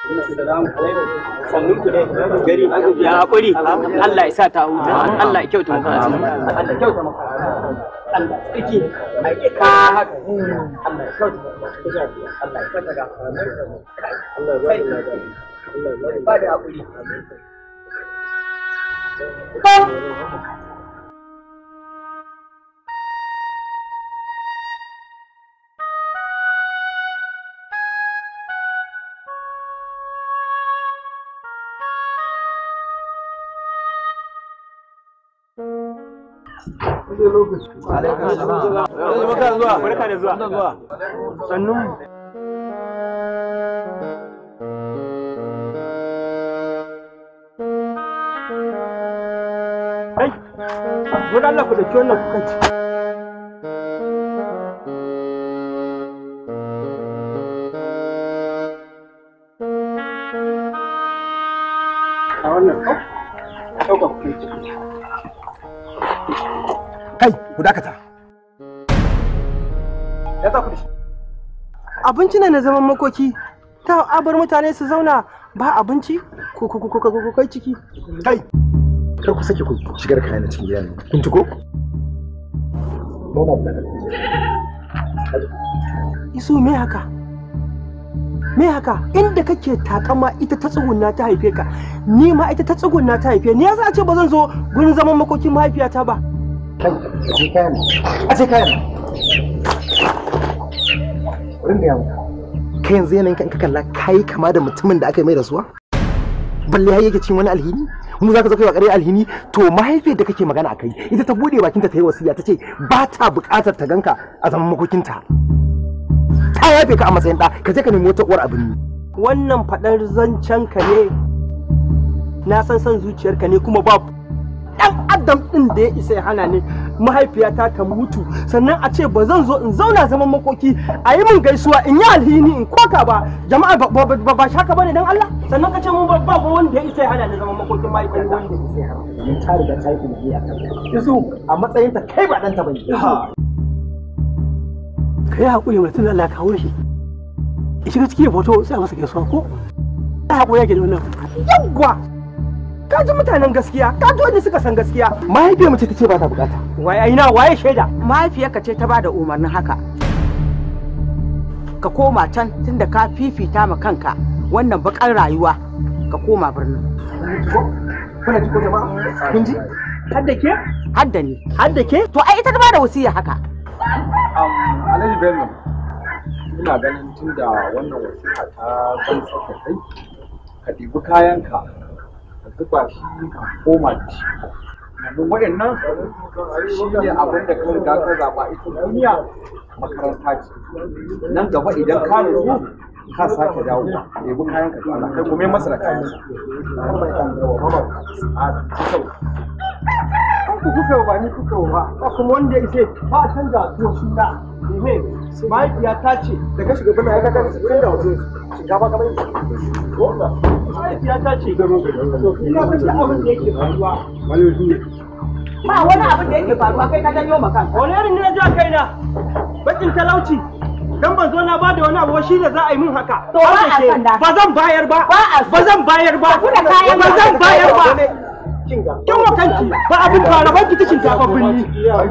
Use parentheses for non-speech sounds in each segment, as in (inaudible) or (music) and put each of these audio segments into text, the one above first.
sannun ya hakuri Allah ya sa ta huta Allah ya kyauta maka Allah ya kyauta maka Allah tsiki haka Allah ya kyauta Allah ya kyauta ga Allah ya Hey, what are you da zuwa zuwa ku dakata ya za ku da abinci ne na zaman makoki ta abar mutane su zauna ba abinci ko kai ciki kai kar ku sake ku shigar kayan cikin gidan kun tuko isu me haka me haka inda kake takama ita ta tsugunna ta haife ka ni ma ita ta tsugunna ta haife ni ya za a ce ba zan zo gurin zaman makokin mahaifiyata ba kai aje kayan aje ah, yanzu yanayin kalla kai kama da mutumin da aka yi mai rasuwa balle har yake cin wani alhini mu zaka zaka yi wa ƙarya alhini to mahaifiyar da kake magana akai ita ta bude bakinta ta yi wasiya ta ce ba ta buƙatar ta ganka a zaman makokinta ta yafe ka a matsayin ɗa ka je ka nemi wata uwar abin wannan faɗar zancen ka ne na san san zuciyarka ne kuma ba dan adam din da ya isa ya hana ni mahaifiyata ta mutu sannan a ce ba zan zo in zauna zaman makoki a yi min gaisuwa in yi alhini in koka ba jama'a ba ba shaka bane dan Allah sannan ka ce mun ba ba wanda ya isa ya hana ni zaman makokin mahaifiyata wanda ya isa ya hana ni ta riga ta yi a kan yasu a matsayin ta kai ba dan ta bane kai hakuri mutum Allah ya kawo shi shiga cikin foto sai a masa gaisuwa ko ta hakuri yake da wannan yawwa ka ji mutanen gaskiya ka ji wanda suka san gaskiya mahaifiyar mace ta ce ba ta bukata waye aina waye shaida ka ce ta ba da umarnin haka ka koma can tunda ka fifita ma kanka wannan bakar rayuwa ka koma birnin kuna ji ko jama'a kun ji hadda ke hadda ne hadda ke to ai ita ta ba da wasiya haka alhaji bello ina ganin tunda wannan wasiya ta gamsa kai ka ɗibi kayanka zuba shi ka koma da shi waɗannan shi ne abin da kan da ka zaɓa ita duniya makaranta ce nan gaba idan ka nutsu ka sake dawo ka ɗebi kayan ka kana kai kuma masa da kayan sa kan ku kuka ba ni kuka ba kuma wanda ya ce ba canza tuwo suna ne mahaifiya ta ce da ka shiga bana ya kaka da sittin da hudu shinkafa kamar yin ko mahaifiya ta ce ina bin da abin da yake faruwa ba wani abin da yake faruwa kai ka janyo makan wani irin ne ji kai na bakin talauci dan ban zo na ba da wani abu shi ne za a yi min haka to ba zan bayar ba ba zan bayar ba ba zan bayar ba kin wa kanki ba abin fara banki ta shinkafa binni ya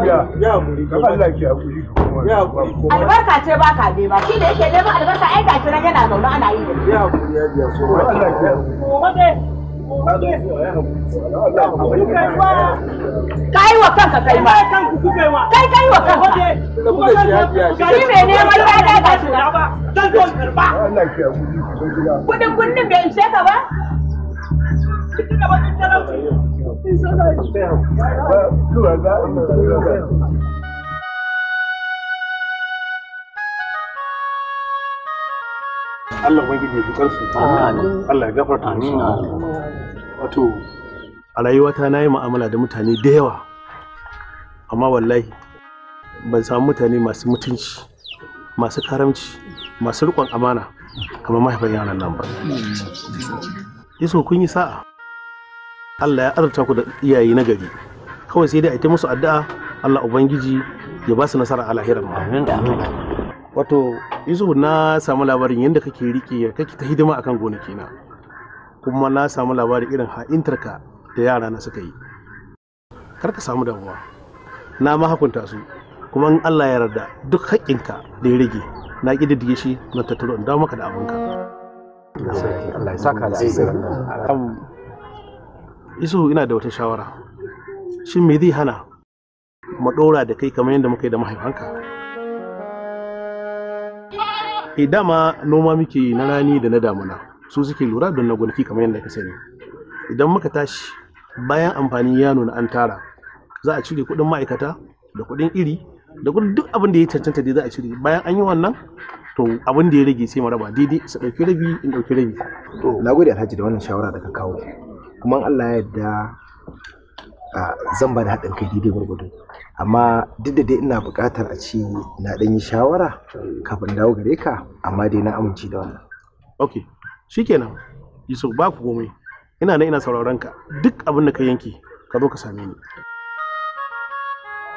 muri ka Allah ki hakuri ya albarka ce ba ka ba shi da yake neman albarka ai ga kiran yana zaune ana yi ya hakuri ya ji so Allah ki hakuri kai wa kanka kai ma kai kai wa kanka gari mai neman lada ga shi kudin kunnin bai ishe ka ba Allah ubangiji ya ji kansu Allah ya gafarta musu wato a rayuwata na yi mu'amala da mutane da yawa amma wallahi ban samu mutane masu mutunci masu karamci masu riƙon amana kamar mahaifin yaran nan ba iso kun yi sa'a Allah ya azarta ku da iyaye na gari kawai sai dai a yi musu addu'a Allah ubangiji ya ba su nasara a lahirar wato yusuf na samu labarin yadda kake rike kake ta hidima akan gonaki na kuma na samu labarin irin ha'intarka da yara na suka yi kar ka samu damuwa na mahakunta su kuma in Allah ya yarda duk haƙƙinka da ya rage na kididdige shi na tattaro in dawo maka da abinka Allah ya saka da isu ina da wata shawara shin me zai hana mu dora da kai kamar yadda muka yi da mahaifanka e dama noma muke na rani da na damuna su suke lura don na gonaki kamar yadda ka sani idan muka tashi bayan amfanin ya nuna an tara za a cire kudin ma'aikata da kudin iri da kudin duk abin da ya cancanta dai za a cire bayan an yi wannan to abin da ya rage sai mu raba daidai su ɗauki rabi in ɗauki rabi. na gode alhaji da wannan shawara da ka kawo kuma Allah ya yarda zan ba da haɗin kai daidai gwargwado amma duk da dai ina buƙatar a ci na ɗan yi shawara kafin dawo gare ka amma dai na amince da wannan ok shikenan yusuf ba ku komai ina nan ina sauraron ka duk abin da ka yanke ka zo ka same ni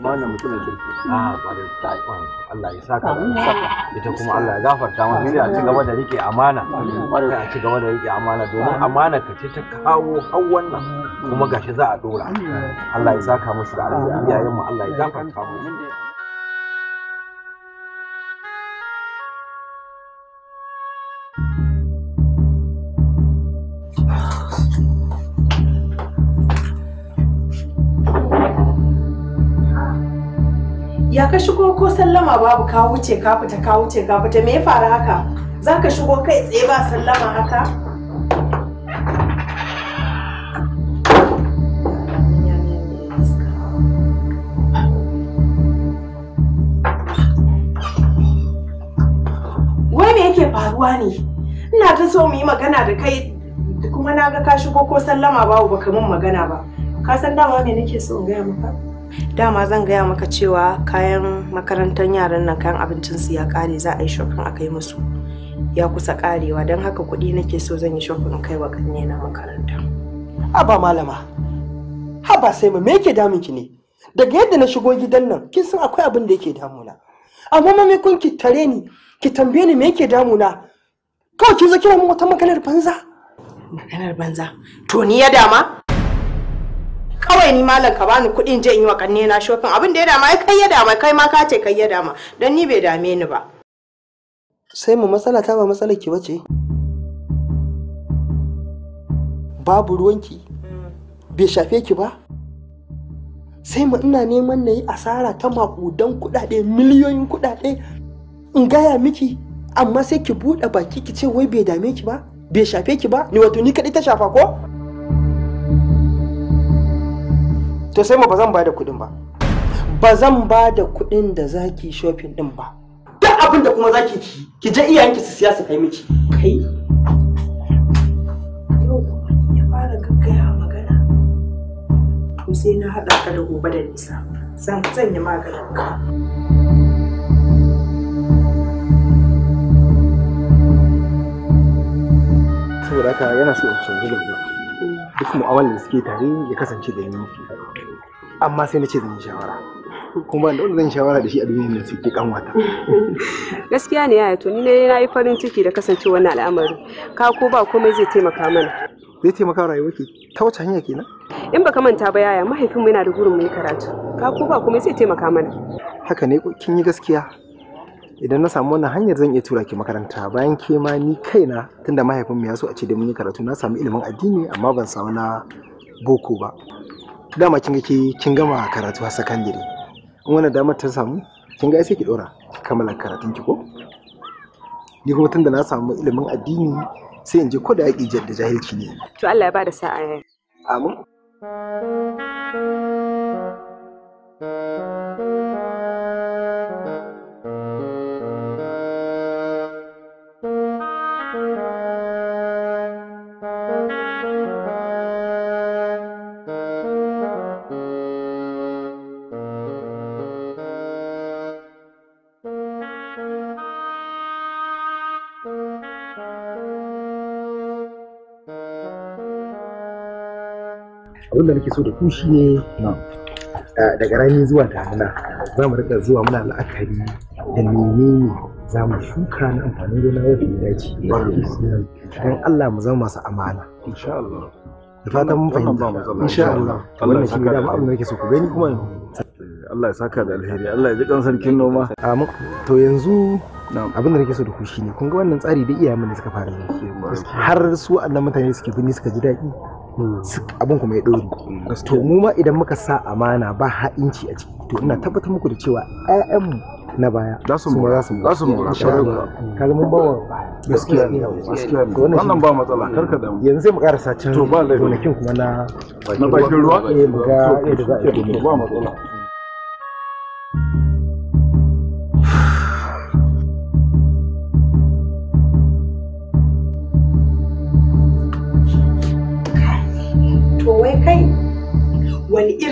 mutum mutumin kirki a ah, kwarin ta'ifan Allah ya saka ita kuma Allah ya gafarta mana sai a ci gaba da rike amana kwarin a ci gaba da rike amana domin amana ka ce ta kawo har wannan kuma gashi za a dora Allah ya saka musu da alheri iyayen mu Allah ya gafarta musu ya ka shigo ko sallama babu ka wuce ka fita ka wuce ka fita me ya faru haka za ka shigo kai tsaye ba sallama haka wai me yake faruwa ne ina ta so mu yi magana da kai kuma na ga ka shigo ko sallama babu baka min magana ba ka san dama me nake so in gaya maka dama zan gaya maka cewa kayan makarantar yaran nan kayan abincinsu ya kare za a yi shopping a kai musu ya kusa karewa don haka kuɗi nake so zan yi shopping kai wa ƙanne na makaranta. Haba malama, haba sai ma me yake damun ki ne? Daga yadda na shigo gidan nan, kin san akwai abin da yake damuna. Amma kun ki tare ni, ki tambaye ni me yake damuna? Kawai kin zo kira mu wata maganar banza? Maganar banza? To ni ya dama? kawai ni malam ka bani kuɗin je in yi wa kanne na shopping abin da ya dama ya kai ya dama kai ma ka ce kai ya dama dan ni bai dame ni ba sai mu matsala ta ba matsalar ki bace babu ruwanki bai shafe ki ba sai mu ina neman na yi asara ta maƙudan kuɗaɗe miliyoyin kuɗaɗe in gaya miki amma sai ki buɗe baki ki ce wai bai dame ki ba bai shafe ki ba ni wato ni kaɗai ta shafa ko? to sai ma ba zan bada kuɗin ba ba zan bada da kuɗin da za ki shopping ɗin ba duk abin da kuma za ki ki ki je ki su siya su kai miki kai ya fara gaggaya magana to sai na haɗa ka da gobe da nisa zan sanya maganin ka saboda haka yana so in canji da duk mu'amalar da suke tare ya kasance da ni amma sai na ce zan yi shawara kuma da wanda zan shawara da shi a duniyar nan sai ke kanwata gaskiya ne yaya to ni ne na yi farin ciki da kasancewa wannan al'amari ka ko ba komai zai taimaka mana zai taimaka rayuwar ki ta wace hanya kenan in baka manta ba yaya mahaifinmu yana da gurin mai karatu ka ko ba komai zai taimaka mana haka ne kin yi gaskiya idan na samu wannan hanyar zan iya tura ki makaranta bayan ke ma ni kaina tunda mahaifinmu ya so a ce da mun yi karatu na samu ilimin addini amma ban samu na boko ba dama kin ga kin gama karatu a sakandare in wannan dama ta samu kin sai ki dora kammala karatun ki ko ni kuma tunda na samu ilimin addini sai in je ko da yaki da jahilci ne to Allah ya bada sa'a amin nake so da ku ne daga rani zuwa damuna za mu rika zuwa muna la'akari da menene za mu shuka na amfanin gona wanda ya dace don Allah mu zama masu amana da fatan mun fahimta insha Allah wannan shi ne da abin da nake so ku gani kuma eh, Allah ya saka da alheri Allah ya ji kan sarkin noma amin to yanzu abin da nake so da ku shine kun ga wannan tsari da iyayen mu suka fara yi har su annan mutane suke bini suka ji daɗi abin kuma ya ɗori to mu ma idan muka sa amana ba ha'inci a ciki to ina tabbatar muku da cewa 'ya'yanmu na baya za su mu za su mu kaga mun bawa gaskiya gaskiya wannan ba matsala karka da yanzu sai mu karasa can to ba laifi kuma na na bakin ruwa eh mu ga yadda za a yi ba matsala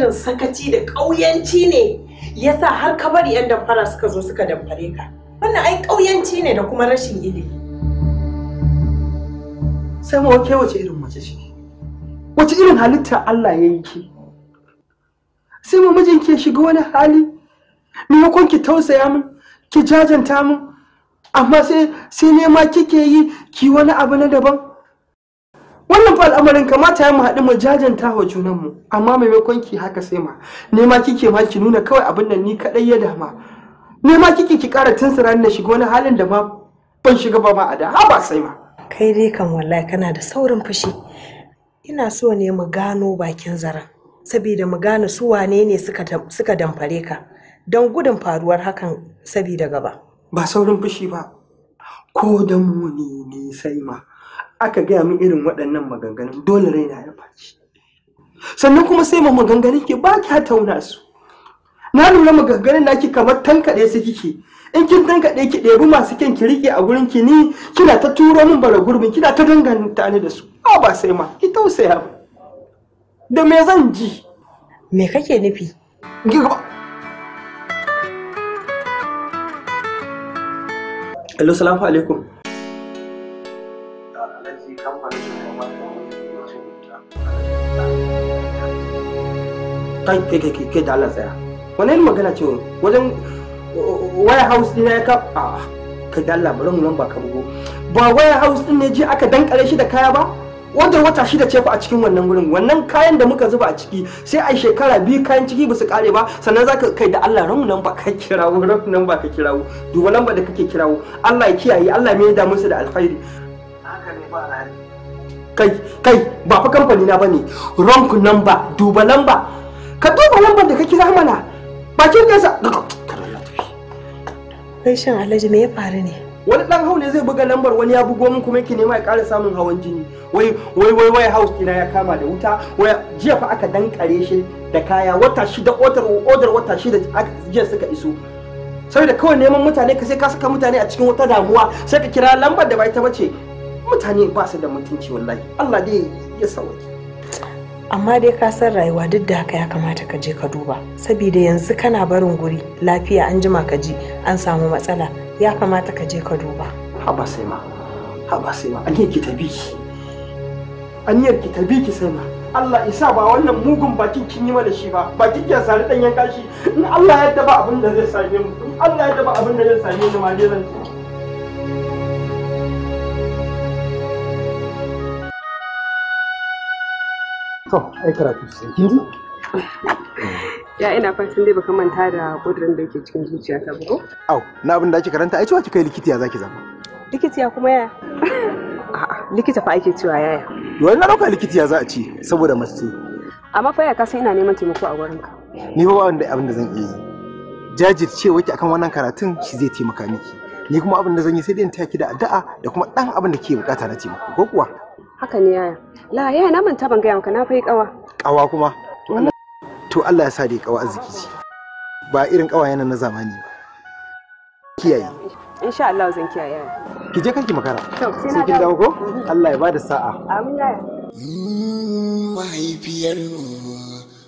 irin sakaci da ƙauyanci ne ya sa har ka bari 'yan damfara suka zo suka damfare ka wannan ai ƙauyanci ne da kuma rashin ilimi sai ma wake wace irin mace ce wace irin halitta Allah ya yi sai ma mijinki ya shiga wani hali maimakon ki tausaya min ki jajanta min amma sai sai ne ma kike yi ki wani abu na daban wannan fa al'amarin kamata mu haɗu mu jajanta wa junanmu amma maimakon ki haka sai ma nema kike ma ki nuna kawai abin nan ni kaɗai ya dama nema kike ki ƙara tunsura na shiga wani halin da ma ban shiga ba ma a da haba sai ma kai dai kan wallahi kana da saurin fushi ina so ne mu gano bakin zaren saboda mu gane su wane ne suka damfare ka don gudun faruwar hakan saboda gaba ba saurin fushi ba ko da mu ne sai ma aka gaya min irin waɗannan maganganun dole raina ya faci sannan kuma sai ma maganganun ke ba ki tauna su na lura maganganun na ki kamar tankaɗe su kike in kin tankaɗe ki ɗebi masu kyan ki rike a gurin ki ni kina ta turo min bara gurbin kina ta danganta ni da su a ba sai ma ki tausaya ba da me zan ji me kake nufi Hello, salamu alaikum. kai kai kai kai da Allah tsaya wannan magana ce wajen waya house ne ya ka a kai da Allah bari mu nan ba ka bugo ba waya house din ne je aka dankare shi da kaya ba wanda wata shida ce fa a cikin wannan gurin wannan kayan da muka zuba a ciki sai a shekara biyu kayan ciki ba su kare ba sannan zaka kai da Allah ramu nan ba ka kirawo ramu nan ba ka kirawo duba lamba da kake kirawo Allah ya kiyaye Allah me ya da musu da alkhairi haka ne ba kai kai ba fa kamfani na bane rank number duba lamba ka duba lambar da ka kira mana bakin kansa Wai shin Alhaji me ya faru ne? Wani dan haule zai buga lambar wani ya bugo min kuma yake nema ya ƙara samun hawan jini. Wai wai wai wai house ina ya kama da wuta. Wai jiya fa aka dankare shi da kaya wata shida odar odar wata shida jiya suka iso. Saboda kawai neman mutane ka sai ka saka mutane a cikin wata damuwa sai ka kira lambar da ba ita bace. Mutane ba su da mutunci wallahi. Allah dai ya sauke. amma dai ka san rayuwa duk da haka ya kamata ka je ka duba saboda yanzu kana barin guri lafiya an jima ka ji an samu matsala ya kamata ka je ka duba haba sai ma haba sai ma an ki tabi ki aniyar ki tabi ki sai ma Allah isa ba wannan mugun bakin kin yi mana shi ba bakin ya sari danyen kashi in Allah yadda ba abin da zai same mu in Allah yadda ba abin da zai same ni ma ne zan ci to ai karatu sai kin ya ina fatan dai baka manta da kudirin da yake cikin zuciyata ba ko au na abin da ake karanta ai cewa kika yi likitiya zaki zama likitiya kuma yaya a'a likita fa ake cewa yaya wani na dauka likitiya za a ce saboda mace amma fa ya kasan ina neman taimako a gurinka ni ba wanda abin da zan iya yi jajircewa ki akan wannan karatun shi zai taimaka miki ni kuma abin da zan yi sai dai in taki ki da addu'a da kuma dan abin da ke bukata na taimako ko kuwa haka ne yaya la yaya na manta ban gaya maka na fai kawa kawa kuma to Allah ya sa dai kawa arziki ce ba irin kawa yana na zamani ba kiyaye insha Allah zan kiyaye ki je kanki makara sai kin dawo ko mhm. Allah ya bada sa'a amin yaya mahaifiyar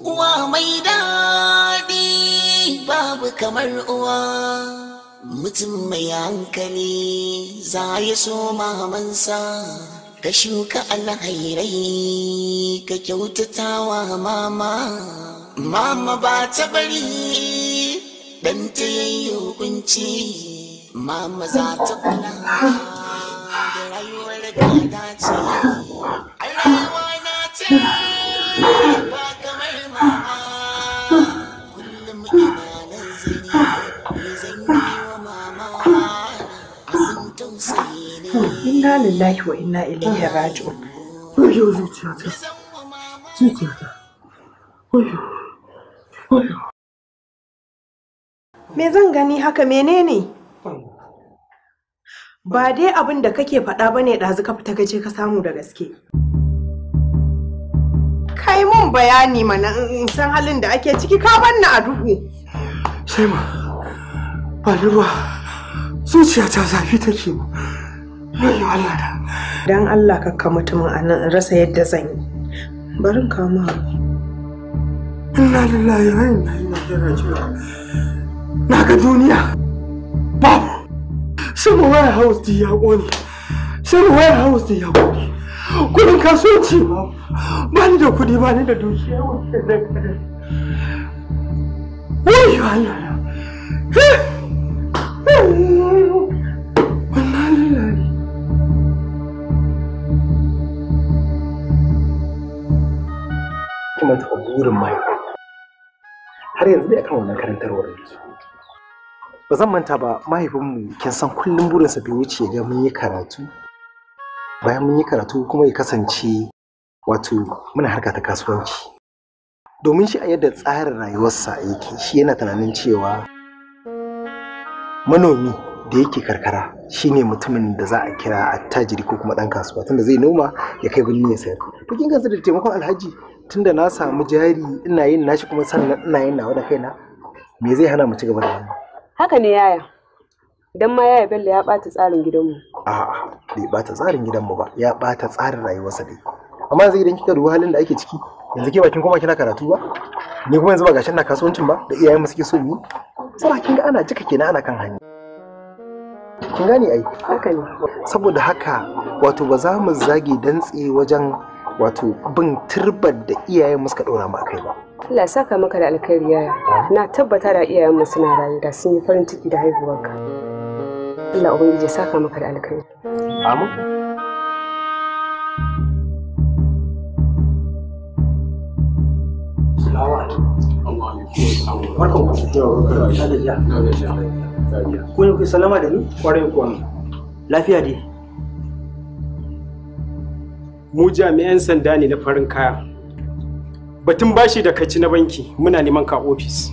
uwa mai daɗi babu kamar uwa mutum mai hankali za ya so mamansa ka shuka alhairai ka kyautata wa mama mama ba ta bari dan ta yayi hukunci mama za ta kula da rayuwar da ta ce a rayuwa na ce Inna lillahi wa inna ilaihi raji'un. Oyo zuciyata. Zuciyata. Oyo. Oyo. Me zan gani haka menene? Ba dai abin da kake faɗa bane ɗazu ka fita kaje ka samu da gaske. Kai mun bayani mana in san halin da ake ciki ka banna a duhu. Shema, ba ruwa. zuciyata zafi take mu yayyo Allah da dan Allah ka ka mutumin a nan in rasa yadda zan yi barin kama inna lillahi wa inna ilaihi raji'un na ga duniya babu sun waya house di ya kone sun waya house di ya kone kudin kasuwanci babu ba ni da kudi ba ni da dukiya wai Allah finally. Kimanta burin mahaifa. Har yanzu dai akan wannan karantarwar yanzu. Ba zan manta ba mahaifinmu kin san kullum burinsa bai wuce ga mun yi karatu. Bayan mun yi karatu kuma ya kasance wato muna harka ta kasuwanci. Domin shi a yadda tsarin rayuwarsa yake shi yana tunanin cewa manomi da yake karkara shine mutumin da za a kira attajiri ko kuma dan kasuwa tunda zai noma ya kai birni ya sayar to kin gansu da taimakon alhaji tunda na samu jari ina yin nashi kuma sannan ina yin nawa da kaina me zai hana mu ci gaba da wannan haka ne yaya Idan ma yaya bello ya bata tsarin gidanmu a'a bai bata tsarin gidanmu ba ya bata tsarin rayuwarsa dai amma yanzu idan kika duba halin da ake ciki yanzu ke bakin kuma kina karatu ba ni kuma yanzu ba gashin na kasuwancin ba da iyayen mu suke so yi sai kin ga ana jika kenan ana kan hanya kin gane ai haka ne saboda haka wato ba za mu zage dantse wajen wato bin turbar da iyayen muska dora mu akai ba Allah saka maka da alkhairi yaya na tabbata da iyayen mu suna rayu da sun yi farin ciki da haihuwarka Allah ubangiji saka maka da alkhairi amin Barkan ku. Yau, barkan ku. da jiya. da jiya. Ku ne salama da ni? Kwarai kuwa. Lafiya dai. Mu jami'an sanda ne na farin kaya. Batun bashi da kaci na banki muna neman ka ofis.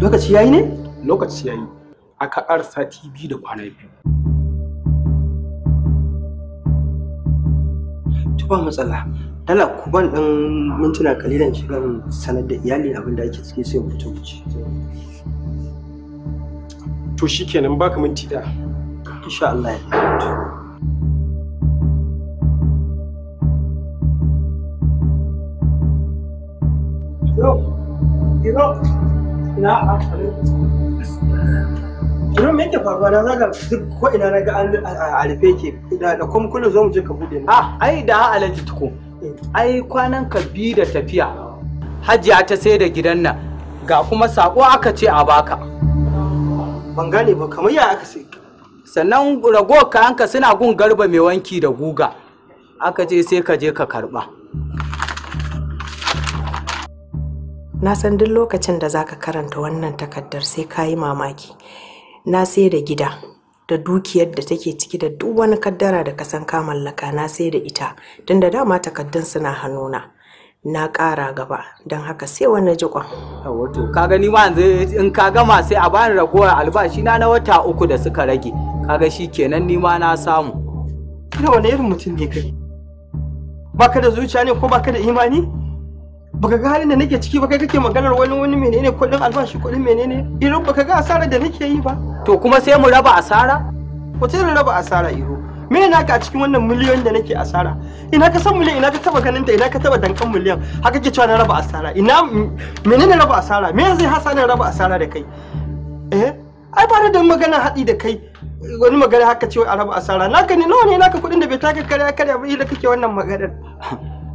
Lokaci yayi ne? Lokaci yayi. Aka arsa TV da kwana biyu. Tuba matsala. dala ku ɗan dan mintuna kalilan shiga sanar da iyali abin ake ciki sai mu fito mu ci to baka minti da insha Allah ya Gino, ina a Gino me yake faruwa na zaga duk ko ina na ga an alife ke da kuma kullum zo mu je ka bude ni. Ah, ai da alaji tuko. ai kwanan ka bi da tafiya hajiya ta sai da gidan nan ga kuma sako aka ce a baka ban gane ba kamar ya aka sai sannan ragowar kayanka suna gun garba mai wanki da guga aka ce sai ka je ka karba na san duk lokacin da zaka karanta wannan takardar sai ka yi mamaki na sai da gida da dukiyar da take ciki da duk wani kaddara da ka san ka mallaka na sai da ita tunda dama takaddun suna hannuna na ƙara gaba don haka sai wani jikon. wato ka gani ma yanzu in ka gama sai a bani ragowar albashi na na wata uku da suka rage kaga shi kenan ni ma na samu kana wani irin mutum ne kai baka da zuciya ne ko baka da imani baka ga halin da nake ciki ba kai kake maganar wani wani menene kuɗin albashi kuɗin menene irin baka ga asarar da nake yi ba to kuma sai mu raba asara sai irin raba asara iho me na ka a cikin wannan miliyon da nake asara ina ka san miliyon, ina ka taba ganin ta ina ka taba dankan miliyon, haka ke cewa na raba asara ina menene raba asara me zai hasa na raba asara da kai eh ai ba da magana haɗi da kai wani magana haka ce a raba asara ka ne nawa ne naka kuɗin da bai taka karya karya ba ila kake wannan maganar (laughs)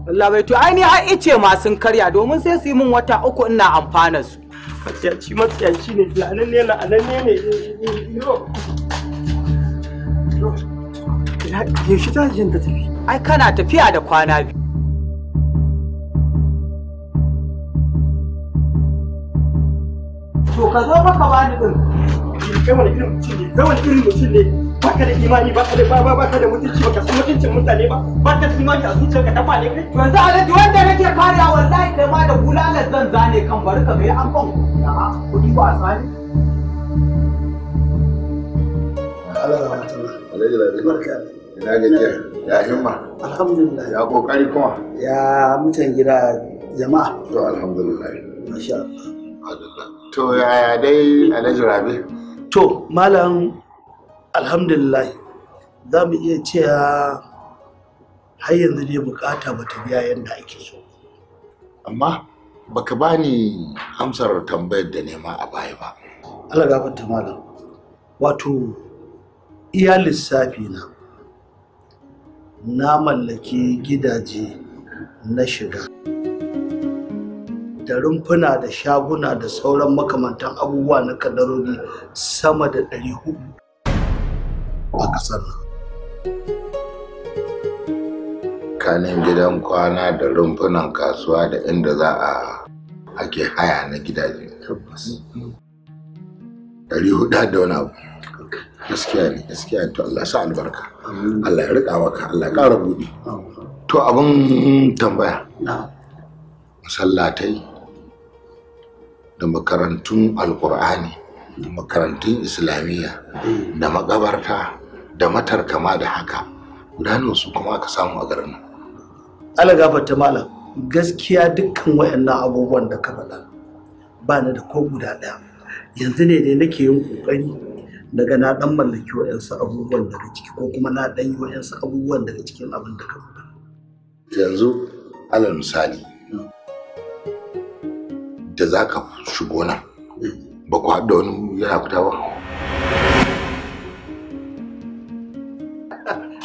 Allah bai to ai ni har ice ma sun karya domin sai su yi min wata uku ina amfanar su matsiyaci matsiyaci ne la'ananne la'ananne ne eh, eh, eh, yo ya shi ta jin ta tafi ai kana tafiya da kwana biyu to ka zo maka bani din irin mutum ne irin mutum ne baka da imani baka da ba baka da mutunci baka san mutuncin mutane ba baka da imani a zuciyarka ta fale kai yanzu alhaji wanda nake kariya wallahi kai ma da bulalar zan zane kan bari ka bai an kan kuɗi ba a sani Allah rahmatullah alhaji barka ina gajiya ya himma alhamdulillah ya kokari kuma ya mutan gida jama'a to alhamdulillah masha Allah to yaya dai alhaji rabi to malam alhamdulillah za mu iya cewa har yanzu dai bukata ba ta biya yadda ake so amma baka bani amsar tambayar da nema a baya ba Allah gafarta malam wato iya lissafi na na mallaki gidaje na shiga da rumfuna da shaguna da sauran makamantan abubuwa na kadarori sama da ɗari hudu a ƙasar nan kanin gidan kwana da rumfunan kasuwa da inda za a ake haya na gidaje ɗari hudu da wani abu gaskiya ne gaskiya to Allah sa albarka Allah ya rika maka Allah ya ƙara buɗe to abin tambaya masallatai da makarantun alkur'ani makarantun islamiyya eh. da makabarta da matar kama da haka guda su kuma aka samu a garin nan ala gafarta malam gaskiya dukkan wayannan abubuwan da ka faɗa ba ni da ko guda ɗaya yanzu ne dai nake yin ƙoƙari daga na ɗan mallaki wayansu abubuwan daga ciki ko kuma na ɗan yi wayansu abubuwan daga cikin abin da ka faɗa yanzu alal misali da za ka shigo nan ba ku haɗa wani yana fita ba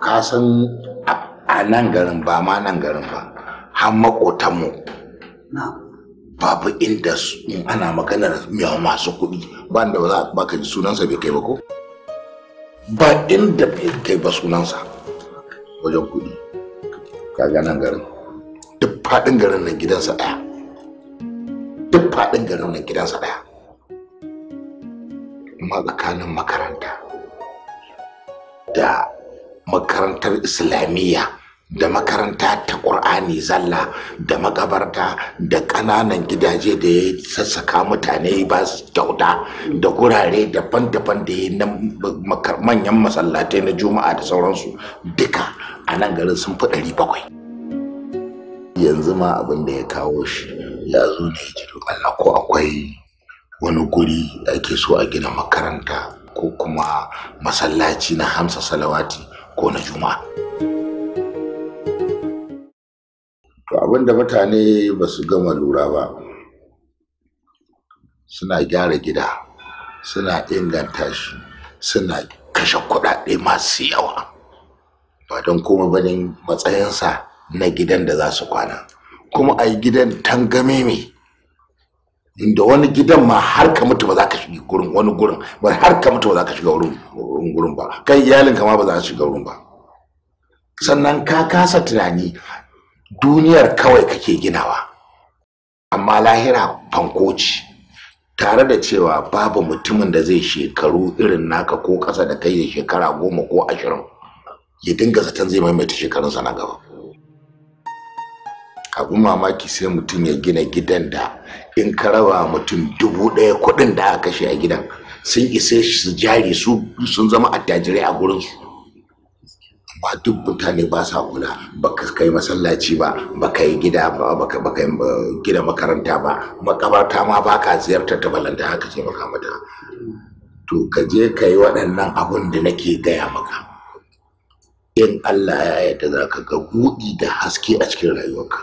ka san a nan garin ba ma nan garin ba har makotanmu babu inda ana maganar miyawa masu kuɗi ba da ba za ka baka ji sunansa bai kai ba ko ba inda bai kai ba sunansa wajen kuɗi kaga nan garin duk faɗin garin nan gidansa ɗaya duk faɗin garin nan gidansa ɗaya amma tsakanin makaranta da makarantar islamiyya da makaranta ta ƙur'ani zalla da makabarta da ƙananan gidaje da ya sassaka mutane ba su kyauta da gurare daban-daban da ya na manyan masallatai na juma'a da sauransu duka a nan garin sun fi ɗari bakwai yanzu ma abin da ya kawo shi ya zo ne ya ji ko akwai wani guri ake so a gina makaranta ko kuma masallaci na hamsa salawati ko na juma'a to abinda mutane ba su gama lura ba suna gyara gida suna inganta shi suna kashe kuɗaɗe masu yawa ba don kuma banin matsayinsa na gidan da za su kwana kuma a gidan tangame mai inda wani gidan ma har ka mutu ba za ka shiga gurin wani gurin ba har ka mutu ba za ka shiga wurin gurin ba kai iyalin ka ma ba za ka shiga wurin ba sannan ka kasa tunani duniyar kawai kake ginawa amma lahira fankoci tare da cewa babu mutumin da zai shekaru irin naka ko ƙasa da kai da shekara goma ko ashirin ya dinga zaton zai maimaita shekarunsa na gaba abin mamaki sai mutum ya gina gidan da in ka raba mutum dubu ɗaya kuɗin da aka kashe a gidan sun isa su jari su sun zama attajirai a gurinsu ba duk mutane ba sa kula ba ka kai masallaci ba ba ka yi gida ba ba ka gida makaranta ba makabarta ma ba ka ziyartar ta balanta haka ce maka mata to ka je ka yi waɗannan abun da nake gaya maka in Allah ya yarda za ka ga buɗi da haske a cikin rayuwarka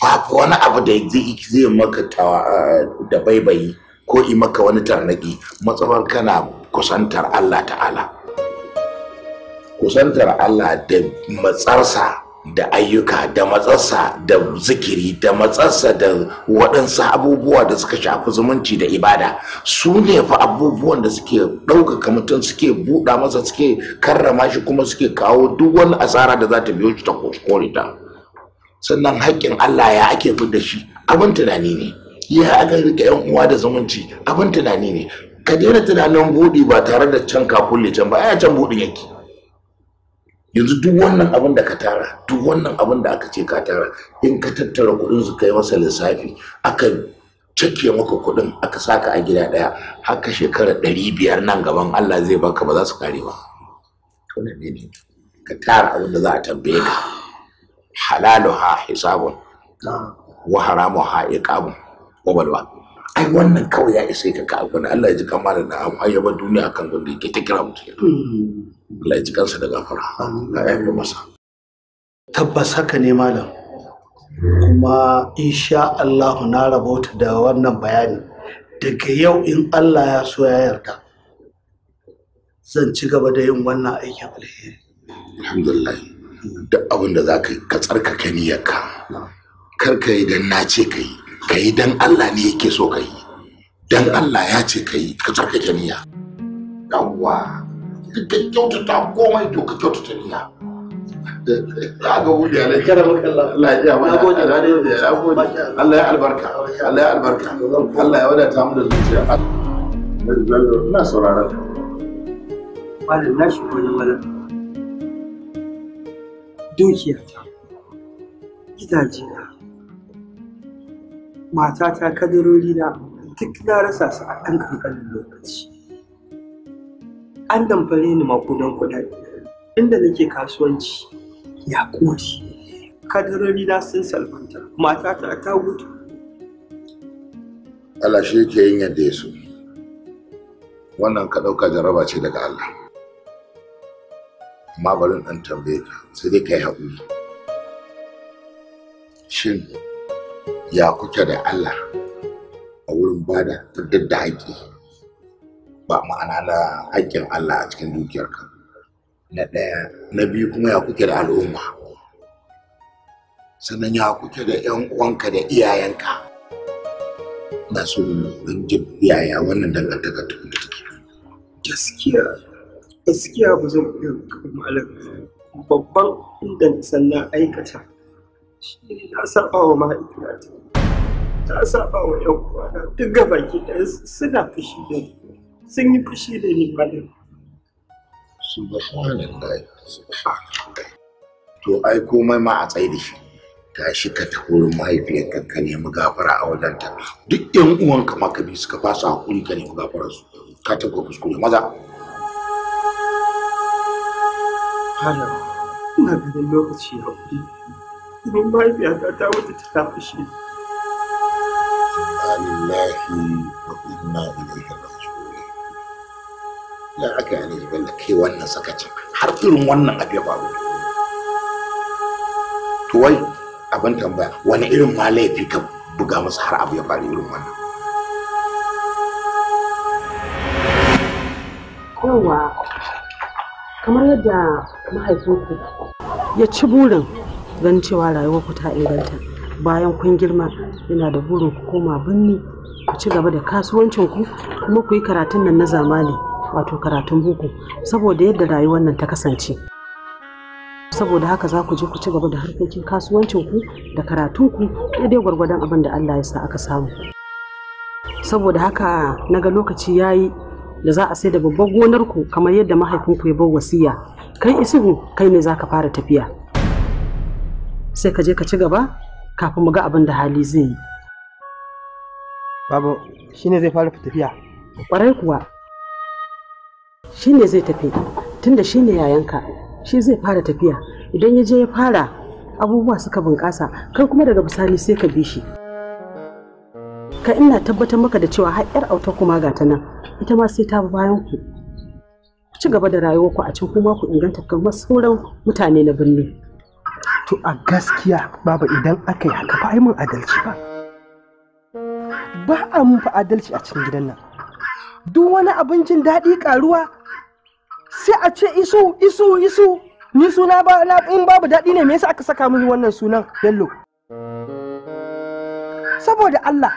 babu wani abu da zai maka eh, da baibayi ko i maka wani tarnaki matsawar kana kusantar Allah ta'ala kusantar Allah da matsarsa da ayyuka da matsarsa da zikiri da matsarsa da waɗansu abubuwa da suka shafi zumunci da ibada su ne fa abubuwan da suke ɗaukaka mutum suke buɗa masa suke karrama shi kuma suke kawo duk wani asara da za ta biyo shi ta kore ta. sannan haƙƙin Allah ya ake da shi abin tunani ne ya aka rika yan uwa da zumunci abin tunani ne ka daina tunanin buɗi ba tare da can ka kulle can ba ai can buɗin yake yanzu duk wannan abin da ka tara duk wannan abin da aka ce ka tara in ka tattara kuɗin su kai masa lissafi aka cake maka kuɗin aka saka a gida ɗaya haka shekara ɗari biyar nan gaban Allah zai baka ba za su kare ba wannan ne ka tara abin da za a tambaye ka halaluha hisabun wa haramuha iqabun wa balwa ai wannan kawai ya isa ka kawo ne Allah ya ji kan malin da abu ayyaba duniya kan gundi ke ta kira mutum hmm. Allah ya ji kansa da gafara Allah ya masa tabbas haka ne malam kuma insha Allah na rabota da wannan bayani daga yau in Allah ya so ya yarda zan ci gaba da yin wannan aikin alheri alhamdulillah duk abin da za ka yi ka tsarkaka niyyarka kar ka yi don na ce ka yi ka yi dan Allah ne yake so ka yi dan Allah ya ce ka yi ka tsarkake niyya yawwa ka kyautata komai to ka kyautata niyya za ga wuri alai kyara maka lafiya ba ba Allah ya albarka Allah ya albarka Allah ya wadata mu da zuciya Allah ina sauraron ka malam na shi malam dukiyata gidajena matata kadarorina duk na rasa su a ɗan ƙanƙanin lokaci an damfare ni makudan kuɗaɗe inda nake kasuwanci ya ƙoci kadarorina sun salmanta matata ta gudu Allah shi ke yin yadda ya so wannan ka ɗauka jaraba ce daga Allah amma bari ɗan tambaye ka sai dai ka yi haƙuri shin ya kuke da Allah a wurin ba da da haƙƙi ba ma'ana na haƙƙin Allah a cikin dukiyarka na ɗaya na biyu kuma ya kuke da al'umma sannan ya kuke da ƴan uwanka da iyayenka masu so yaya wannan dangantaka tukuna take gaskiya gaskiya ba zan iya malam babban inda sannan aikata shi ne na saba wa ma'aikata ta saba wa yan uwana duk ga baki ɗaya suna fushi da ni sun yi fushi da ni malam subhanallahi subhanallahi to ai komai ma a tsaye da shi tashi ka ta wurin mahaifiyarka ka nemi gafara a wajen ta duk yan uwanka ma ka bi suka fasa hakuri ka nemi gafara su ka tafi kuskure maza Subhanallah. Ina ganin lokaci ya haƙuri. Domin mahaifiyata ta mutu ta fashe. Alillahi wa inna ilaihi raji'un. Ya aka yi ne da kai wannan sakacin har irin wannan abu ya faru. To wai abin tambaya wani irin ma laifi ka buga masa har abu ya faru irin wannan. Yawa kamar yadda mahaifinku ya ci burin ganin cewa ku ta inganta bayan kun girma yana da burin ku koma birni ku ci gaba da kasuwancin ku kuma ku yi karatun nan na zamani wato karatun buku saboda yadda rayuwar nan ta kasance saboda haka za ku je ku ci gaba da harkokin kasuwancin ku da karatunku daidai gwargwadon abin da Allah ya sa aka samu saboda haka naga lokaci yayi da za a sai da babban gonar ku kamar yadda mahaifinku ya bar wasiya kai isuhu kai ne za ka fara tafiya sai ka je ka ci gaba kafin mu ga abin da hali zai yi babu shine zai fara tafiya kwarai kuwa shine zai tafi tunda shine yayanka shi zai fara tafiya idan ya je ya fara abubuwa suka bunƙasa kai kuma daga bisani sai ka bi shi ka ina tabbatar maka da cewa har 'yar autar kuma ga ta nan ita ma sai ta bi bayan ku ci gaba da rayuwar ku a can kuma ku inganta kamar sauran mutane na birni to a gaskiya baba idan aka yi haka ba ai mun adalci ba ba a mun fa adalci a cikin gidan nan duk wani abin jin daɗi karuwa sai a ce isu isu isu ni suna ba in babu daɗi ne me yasa aka saka min wannan sunan bello saboda Allah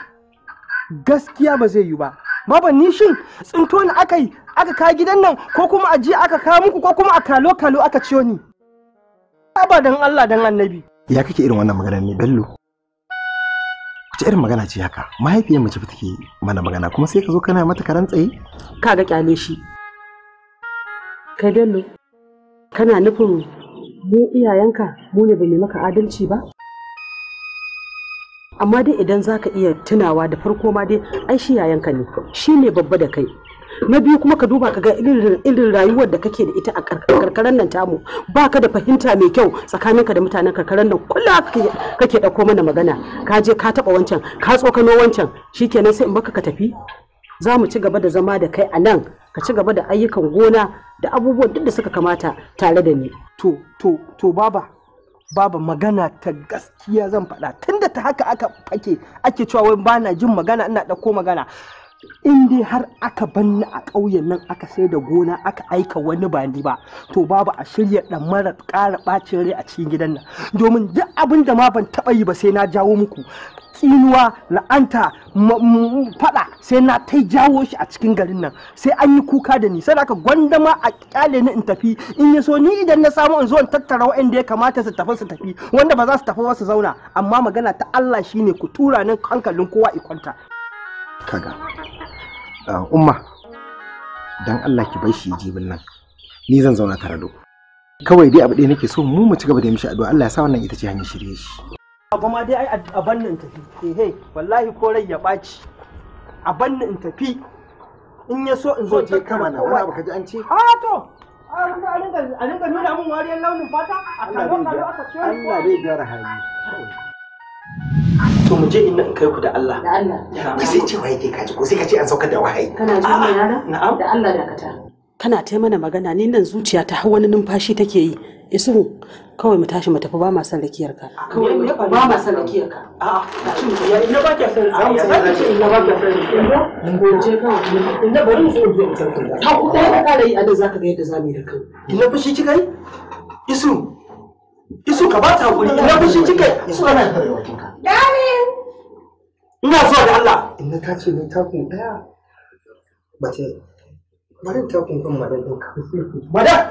gaskiya ba zai yi ba baban ni shin tsinto ne aka yi aka ka gidan nan ko kuma a aka kawo muku ko kuma a kalo kalo aka ciyo ni ba dan Allah dan annabi ya kake irin wannan magana ne bello wace irin magana ce haka mahaifiyar mace ba take mana magana kuma sai ka zo kana mata karan tsaye kaga kyale shi kai bello kana nufin mu iyayenka mu ne ba maka adalci ba amma dai idan za ka iya tunawa da farko ma dai ai shi yayanka ne shi ne babba da kai na biyu kuma ka duba ka ga irin rayuwar da kake da ita a karkaran nan tamu ba ka da fahimta mai kyau tsakaninka da mutanen karkaran nan kula kake ɗauko mana magana ka je ka taɓa wancan ka tsokano wancan shi kenan sai in baka ka tafi za mu ci gaba da zama da kai a nan ka ci gaba da ayyukan gona da abubuwan duk da suka kamata tare da ni to to to baba babu magana ta gaskiya zan faɗa tunda ta haka aka fake ake cewa wai ba na jin magana ina ɗauko magana in dai har aka banni a ƙauyen nan aka sai da gona aka aika wani ba ba to babu a shirya dan mara ƙara ɓacin rai a cikin gidan nan domin duk abin da ma ban taɓa yi ba sai na jawo muku tsinuwa la'anta faɗa, sai na ta jawo shi a cikin garin nan sai an yi kuka da ni sai aka gwanda ma a ƙyale ni in tafi in ya so ni idan na samu in zo in tattara waɗanda ya kamata su tafi su tafi wanda ba za su tafi ba su zauna amma magana ta Allah shine ku tura nan hankalin kowa ikwanta kaga ah, umma dan Allah ki bar shi jibin nan ni zan zauna tare da ku kawai dai abu ɗaya nake so mu mu ci gaba da mishi addu'a Allah ya sa wannan ita ce hanyar shirye shi abu ma dai ai a bannin tafi he eh wallahi ko rai ya ɓaci a bannin tafi in ya so in zo je kama na wani abu kaji an ce a to a rinka nuna mun wariyar launin fata a kan wannan aka ce Allah bai gyara hali to mu je inna in kai ku da Allah da Allah kai sai cewa yake kaji ko sai ka ce an saukar da wahayi kana ji mai na'am da Allah dakata kana ta mana magana ni nan zuciya ta har wani numfashi take yi isu kawai mu tashi mu tafi ba ma san rakiyar ka kawai mu tafi ba ma san rakiyar ka a'a ya inna ba ka san a ya ba ce inna ba ka san in go je ka inna bari mu zo zo ta ku ta ka da yi a da zaka ga yadda zamu yi da kai inna fushi kika yi isu Isuka ba ta hakuri ina fushi kike su ana Darling. Ina zuwa da Allah. Inna ta ce ni takun daya. Bace bari takun kan madan ɗauka. Madan.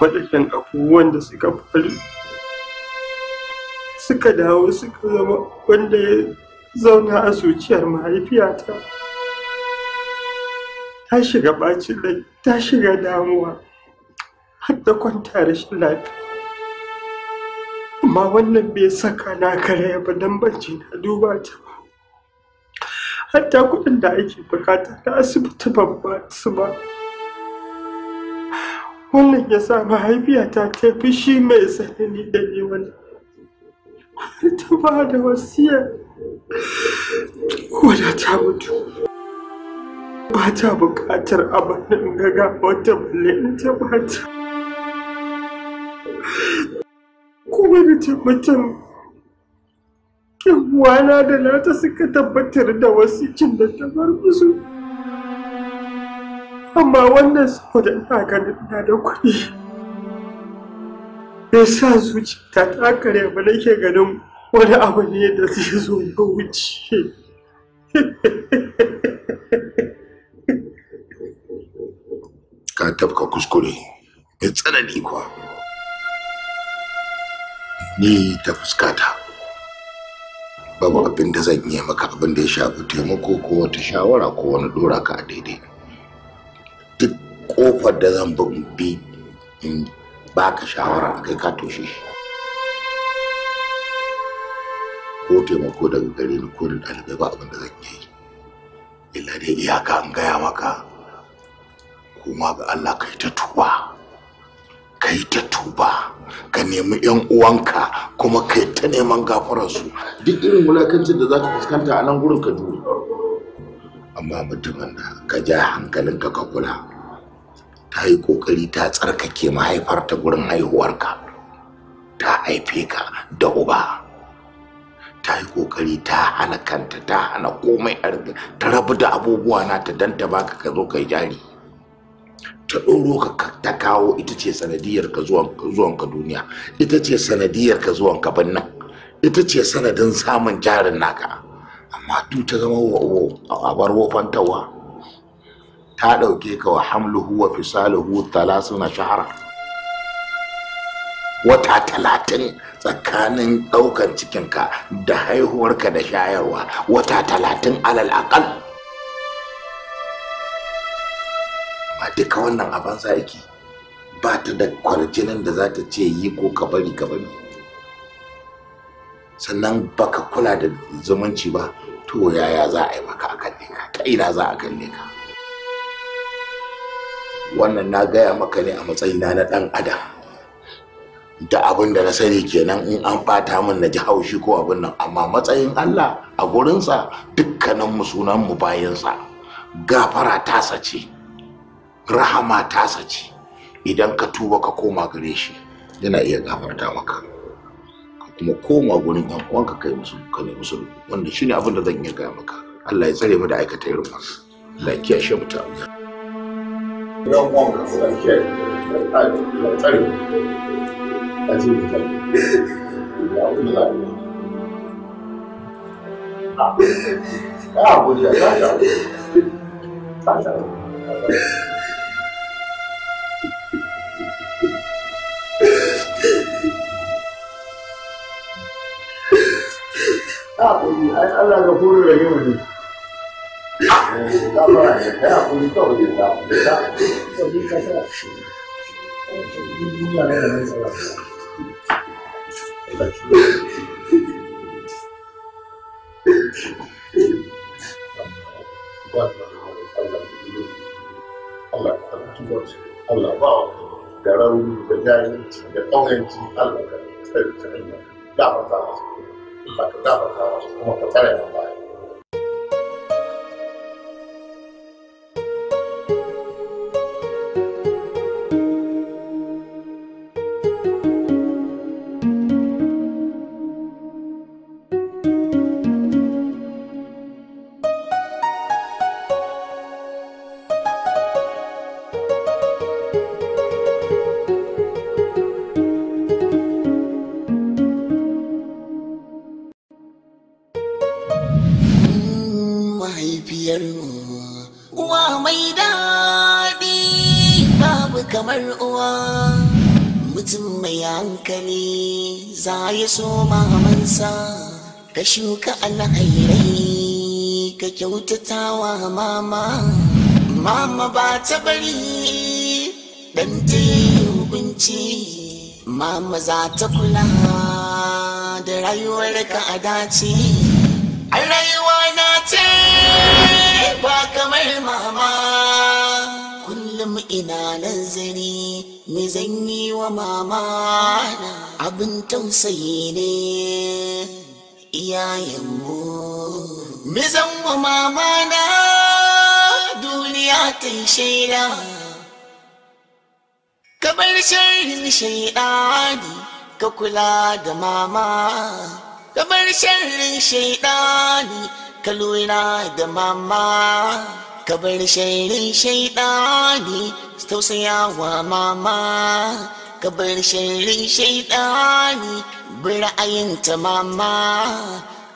waɗannan abubuwan da suka faru suka dawo suka zama wanda ya zauna a zuciyar mahaifiyata. ta shiga bacin rai ta shiga damuwa har da kwanta rashin lafiya amma wannan bai saka na karaya ba don banci na duba ta ba hatta kuɗin da ake bukata ta asibiti babba su ba wannan ya sa mahaifiyata ta tafi shi mai tsanani da ne wani har ta ba da wasiya wadda ta mutu ba ta buƙatar abin wata balle in ta bata kuma da tabbatar wana da nata suka tabbatar da cin da ta bar musu amma wannan saboda ina ganin na da kuɗi ya sa zuciya ta kare ba nake ganin wani abu ne da zai zo ga wuce (laughs) ta tafka kuskure da tsanani kuwa ni ta fuskata babu abin da zan yi maka abin da ya shafi taimako ko wata shawara ko wani dora ka a daidai duk kofar da zan bi in baka shawara a kai ka toshe shi ko taimako daga gare ni ko da ɗalibai ba abin da zan yi illa dai iyaka an gaya maka koma ga Allah kai ta tuba kai ta tuba ka nemi yan uwanka kuma kai ta neman gafararsu duk irin mulakancin da za ka fuskanta a nan gurin ka jure amma mutumin da ka ja hankalinka ka kula ta yi kokari ta tsarkake mahaifar ta gurin haihuwarka ta haife ka da uba ta yi kokari ta hana kanta ta hana komai ta rabu da abubuwa na ta danta baka ka zo kai jari ta ɗoro ka ta kawo ita ce sanadiyar ka zuwan ka duniya ita ce sanadiyar ka zuwan ka nan ita ce sanadin samun jarin naka amma du ta zama a bar wofantawa ta ɗauke ka wa hamluhu wa fisaluhu talasuna shahara wata talatin tsakanin ɗaukar cikinka da haihuwarka da shayarwa wata talatin alal aƙal A duka wannan abin sa ki ba ta da kwarjinin da za ta ce yi ko ka bari ka bari sannan baka kula da zumunci ba to yaya za a yi maka a kalle ka ta ina za a kalle ka wannan na gaya maka ne a matsayina na ɗan adam da abin da na sani kenan in an bata min na ji haushi ko abin nan amma matsayin Allah a gurinsa dukkanin mu sunan mu bayansa gafara ta sace. rahama ta sace idan ka tuba ka koma gare shi yana iya gafarta maka ka kuma koma gurin yan uwanka kai musu ka ne musu wanda shine abin da zan iya gaya maka Allah ya tsare mu da aikata irin ba Allah ya kiyashe mu ta Allah kiyaye ya tsare a Ah, ah, Allah ga furu da ne Allah ka tabbata Allah ba da rauni da jahilci da ƙauyanci Allah ka tabbata Allah ka tabbata impactado, digamos, cómo tocar el mobile. sa ka shuka alhairai ka kyautatawa mama mama ba ta bari dan ta hukunci mama za ta kula da rayuwar ka a dace a rayuwa na ce ba kamar mama ina nan zane ni zan yi wa mama abin tausayi ne iyayenmu mi zan wa mama na duniya ta yi shaida kabar sharrin shaidani ka kula da mama kabar sharrin shaidani ka lura da mama ka bar shairin shaidani tausayawa mama ka bar shairin shaidani bi ra'ayinta mama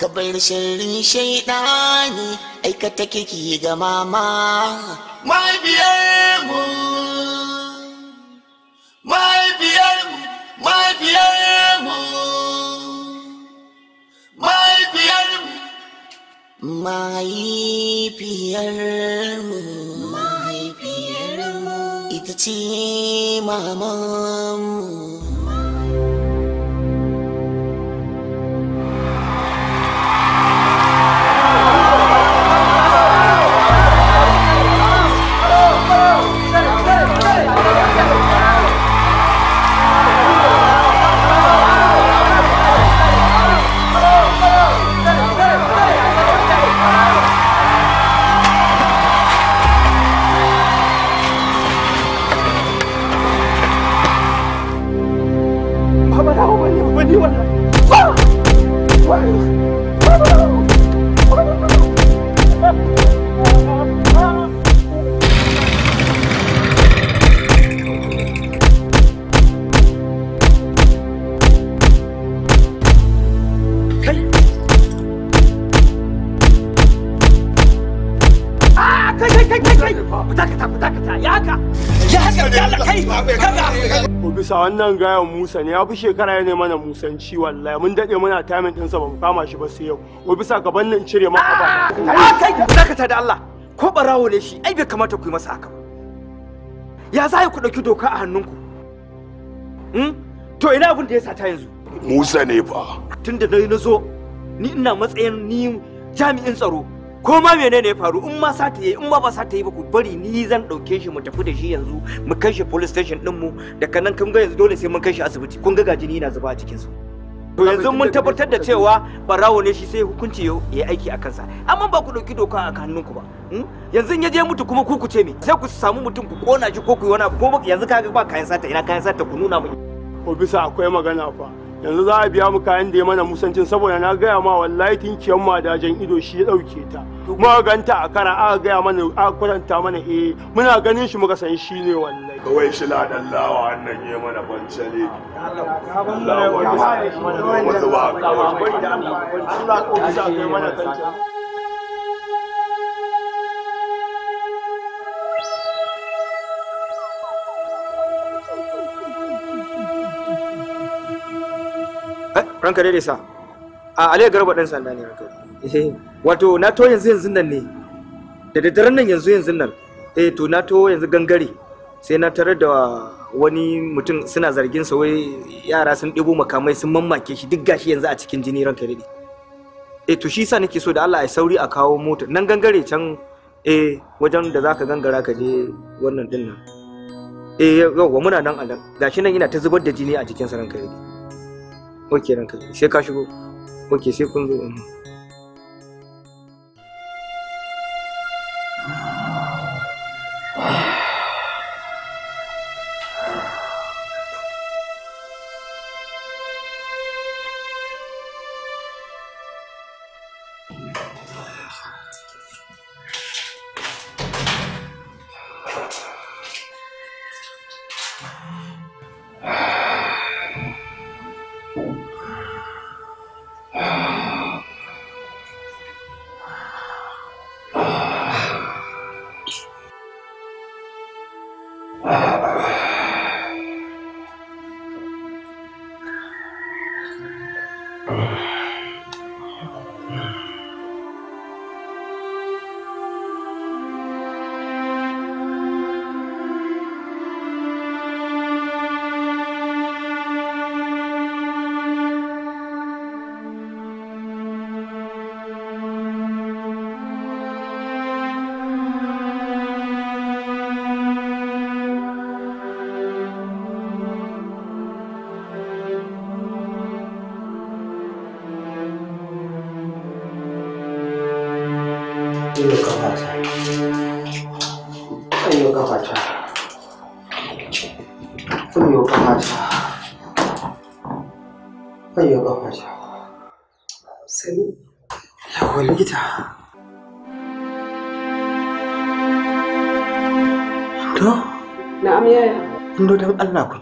ka bar shairin shaidani aikata kiki ga mama mahaifiyarmu mahaifiyarmu mahaifiyarmu mahaifiyarmu mahaifiyarmu ita ce mamanmu musa ne ya fi shekara ya ne mana musanci wallahi mun dade muna tamin sa ba mu kama shi ba sai yau ko bisa ban nan cire ma ba ta da Allah ko barawo ne shi ai bai kamata ku yi masa haka ya za ku ɗauki doka a hannunku hmm? to ina abin da ya sata yanzu musa ne fa tunda na zo ni ina matsayin ni jami'in tsaro ko ma menene ya faru in ma sata yi in ma ba sata yi ba ku bari ni zan dauke shi mu tafi da shi yanzu mu kai shi police station din mu daga nan kun ga yanzu dole sai mun kai shi asibiti kun ga gajini yana zuba a cikin su to yanzu mun tabbatar da cewa barawo ne shi sai hukunci ya yi aiki a kansa amma ba ku dauki doka a hannunku ba hmm? yanzu in ya je mutu kuma ku ku ce me sai ku samu mutum ku kona shi ko ku yi wani abu ko yanzu kaga ba kayan sata ina kayan sata ku nuna mu ko bisa akwai magana fa yanzu za a biya mu kayan da ya mana musancin saboda na gaya ma wallahi tinkiyan ma ido shi ya dauke ta muka ganta a kara aka gaya mana aka kwatanta mana eh muna ganin shi muka san shi ne wallahi kawai shi la dan lawa annan ya mana kwanciyale Allah wata ba kawai Allah ko bisa kai mana kwanciyale eh, ranka daidai sa a aliyu garba ɗan sanda ne ranka eh, wato na to yanzu yanzu nan ne da daddaren nan yanzu yanzu nan eh to na to yanzu gangare sai na tarar da wani mutum suna zargin sa wai yara sun ɗebo makamai sun mammake shi duk gashi yanzu a cikin jini ranka daɗe eh to shi sa nake so da Allah ai sauri a kawo mota nan gangare can eh wajen da zaka gangara ka je wannan din nan eh yawwa muna nan a nan gashi nan ina ta zubar da jini a jikin sa ranka daɗe ok ranka sai ka shigo ok sai kun zo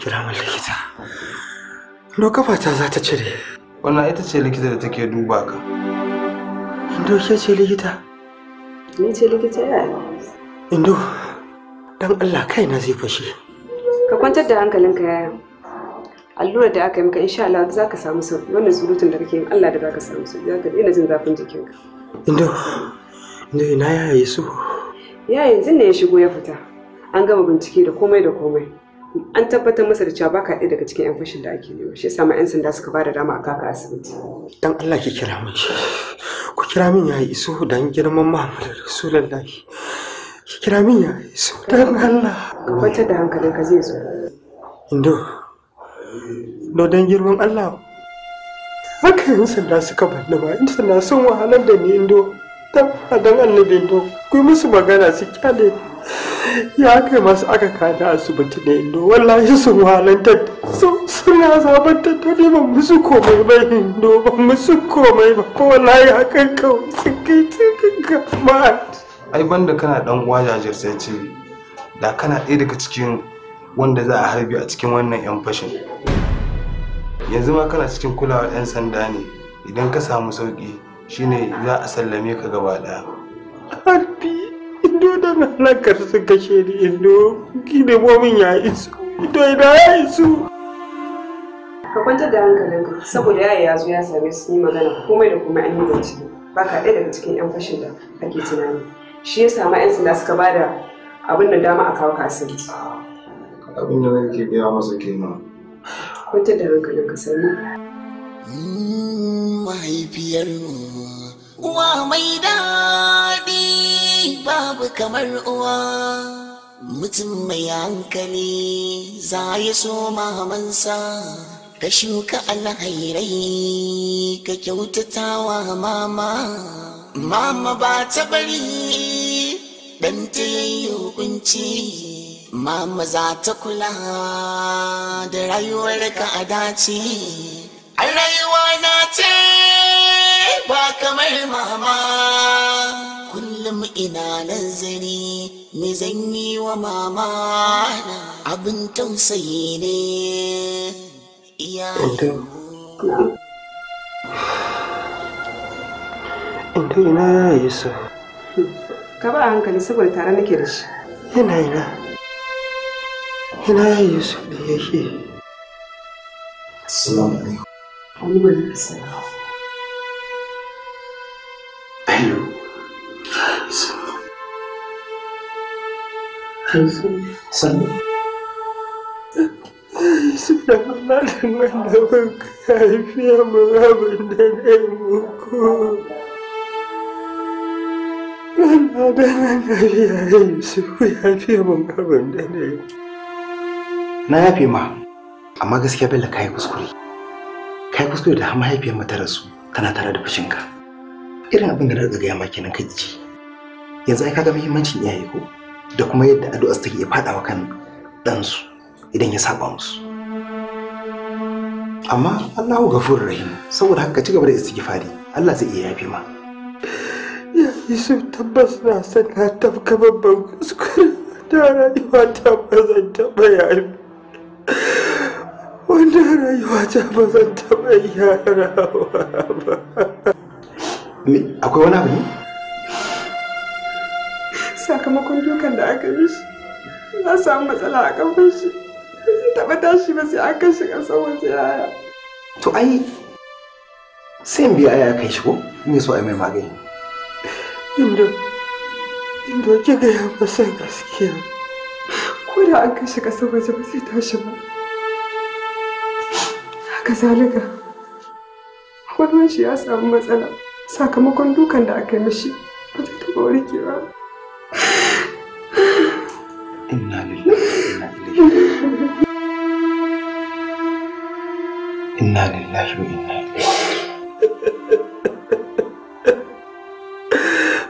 kira min likita kafa ta za ta cire wannan ita ce likita da take duba ka indo ke ce likita ni ce likita ya indo dan Allah kaina zai fashe ka kwantar da hankalinka yaya Allura da aka yi maka insha Allah za ka samu sauki wannan surutun da kake yin Allah da za ka samu sauki za ka daina jin zafin jikinka indo indo ina yaya su ya yanzu ne ya shigo ya fita an gama bincike da komai da komai an tabbatar masa da cewa baka ɗaya daga cikin 'yan fashin da ake nema shi sama 'yan sanda suka bada dama a kaka asibiti dan Allah ki kira min shi ku kira min yayi iso dan girman Muhammadu Rasulullahi ki kira min ya iso dan Allah kwanta da hankalin ka zai zo indo no dan girman Allah haka 'yan sanda suka banna ba 'yan sanda sun wahalar da ni indo dan Allah indo ku yi musu magana su kyale ya kai masu aka kada asibiti da hindu wallahi sun halantar suna zabantar da ne ban musu komai ba hindu ba, musu komai ba ko wallahi hakan kawai su kai cikin gama ai banda kana dan uwa ce da kana ɗaya daga cikin wanda za a harbi a cikin wannan yan fashin yanzu ma kana cikin kulawa yan sanda ne idan ka samu sauki shine za a sallame ka gaba ɗaya harbi indo da halakar su kashe ni indo hidimomin ya isu ido ya isu ka kwantar da hankalinka saboda yaya ya zo ya same su yi magana komai da komai an yi bincike ba ka ɗaya daga cikin 'yan fashin da ake tunani shi ya samu 'yan sanda suka ba da abin da dama a kawo ka abin da nake gaya masa kenan kwantar da hankalinka sannan mahaifiyar uwa mai daɗi babu kamar uwa mutum mai hankali za ya so mamansa ka shuka alhairai ka kyautata wa mama mama ba ta bari dan ta yi hukunci mama za ta kula da rayuwarka a dace a rayuwa na ce ba kamar mama kullum ina nazari me zan yi wa mama abin tausayi ne inda ina ya yi su ka ba hankali saboda tare nake da shi ina ina ina ya yi su da yake assalamu alaikum sannu suna malamin annabin mu da yi muku da yi da na yi ma amma gaskiya bella kai kuskure kai kuskure da mahaifiyar mu ta rasu tana tare da fushinka irin abin da na riga ya kenan kai ji yanzu ai kaga muhimmancin iyaye ko da kuma yadda addu'a su take faɗawa kan ɗansu idan ya saba musu amma Allahu gafur rahim saboda haka ci gaba da istighfari Allah zai iya yafe ma ya isu tabbas na san na tafka babban kuskure da rayuwa ta ba zan taɓa yayi rayuwa ta ba zan taɓa yara ba akwai wani abu sakamakon dukan da aka yi shi na samu matsala a kafin shi zai taɓa tashi ba sai an kai shi ƙasar waje yaya to ai sai in biya ya kai shi ko in so ai mai magani indo indo ki ga ya masa gaskiya ko da an kai shi ƙasar waje ba sai tashi ba haka zalika wannan shi ya samu matsala sakamakon dukan da aka yi mishi ba zai taɓa warkewa ba إنا لله إنا لله وإنا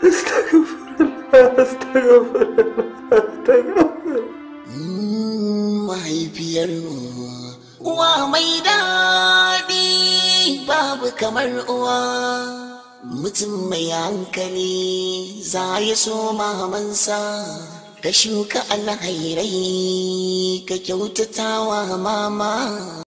استغفر الله استغفر الله استغفر مهيبير أوى ميدادي باب ka shuka alhairai ka kyautatawa mama